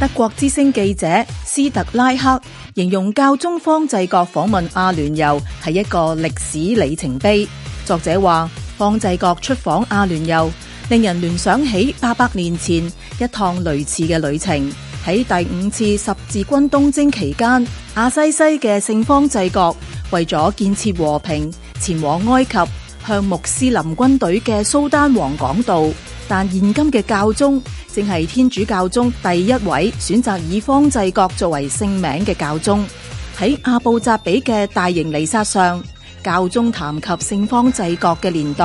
德國之聲記者斯特拉克形容教宗方濟各訪問阿聯酋係一個歷史里程碑。作者話，方濟各出訪阿聯酋，令人聯想起八百年前一趟類似嘅旅程。喺第五次十字軍東征期間，阿西西嘅聖方濟各為咗建設和平，前往埃及，向穆斯林軍隊嘅蘇丹王講道。但現今嘅教宗正係天主教中第一位選擇以方濟各作為聖名嘅教宗。喺阿布扎比嘅大型彌撒上，教宗談及聖方濟各嘅年代，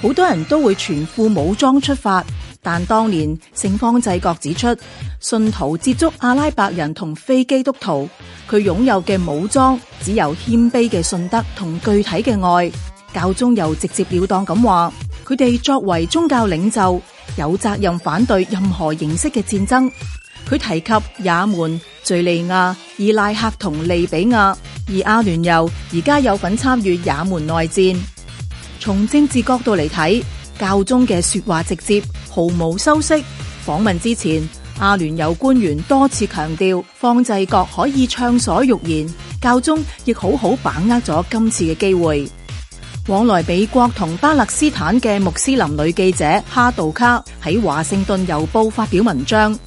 好多人都會全副武裝出發。但當年聖方濟各指出，信徒接觸阿拉伯人同非基督徒，佢擁有嘅武裝只有謙卑嘅信德同具體嘅愛。教宗又直接了當咁話。佢哋作為宗教領袖，有責任反對任何形式嘅戰爭。佢提及也門、敘利亞、伊拉克同利比亞，而阿聯酋而家有份參與也門內戰。從政治角度嚟睇，教宗嘅說話直接，毫無修飾。訪問之前，阿聯酋官員多次強調，放制國可以暢所欲言。教宗亦好好把握咗今次嘅機會。往來美國同巴勒斯坦嘅穆斯林女記者哈杜卡喺華盛頓郵報發表文章，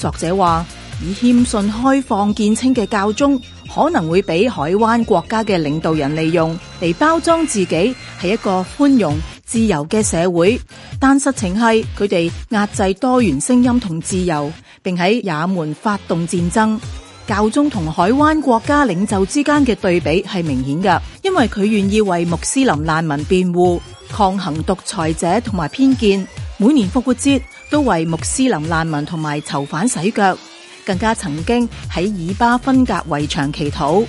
作者話：以謙遜開放見稱嘅教宗，可能會被海灣國家嘅領導人利用嚟包裝自己係一個寬容、自由嘅社會。但實情係佢哋壓制多元聲音同自由，並喺也門發動戰爭。教宗同海灣國家領袖之間嘅對比係明顯㗎，因為佢願意為穆斯林難民辯護，抗衡獨裁者同埋偏見。每年復活節都為穆斯林難民同埋囚犯洗腳，更加曾經喺以巴分隔圍牆祈禱。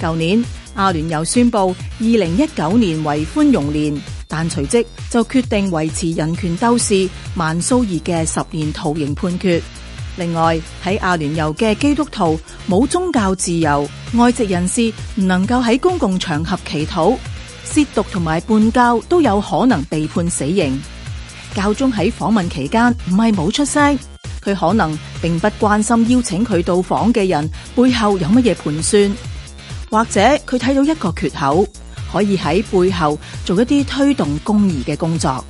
舊年阿聯酋宣布二零一九年為寬容年，但隨即就決定維持人權鬥士曼蘇爾嘅十年徒刑判決。另外，喺阿聯酋嘅基督徒冇宗教自由，外籍人士唔能夠喺公共場合祈禱，褻瀆同埋叛教都有可能被判死刑。教宗喺訪問期間唔係冇出聲，佢可能並不關心邀請佢到訪嘅人背後有乜嘢盤算，或者佢睇到一個缺口，可以喺背後做一啲推動公義嘅工作。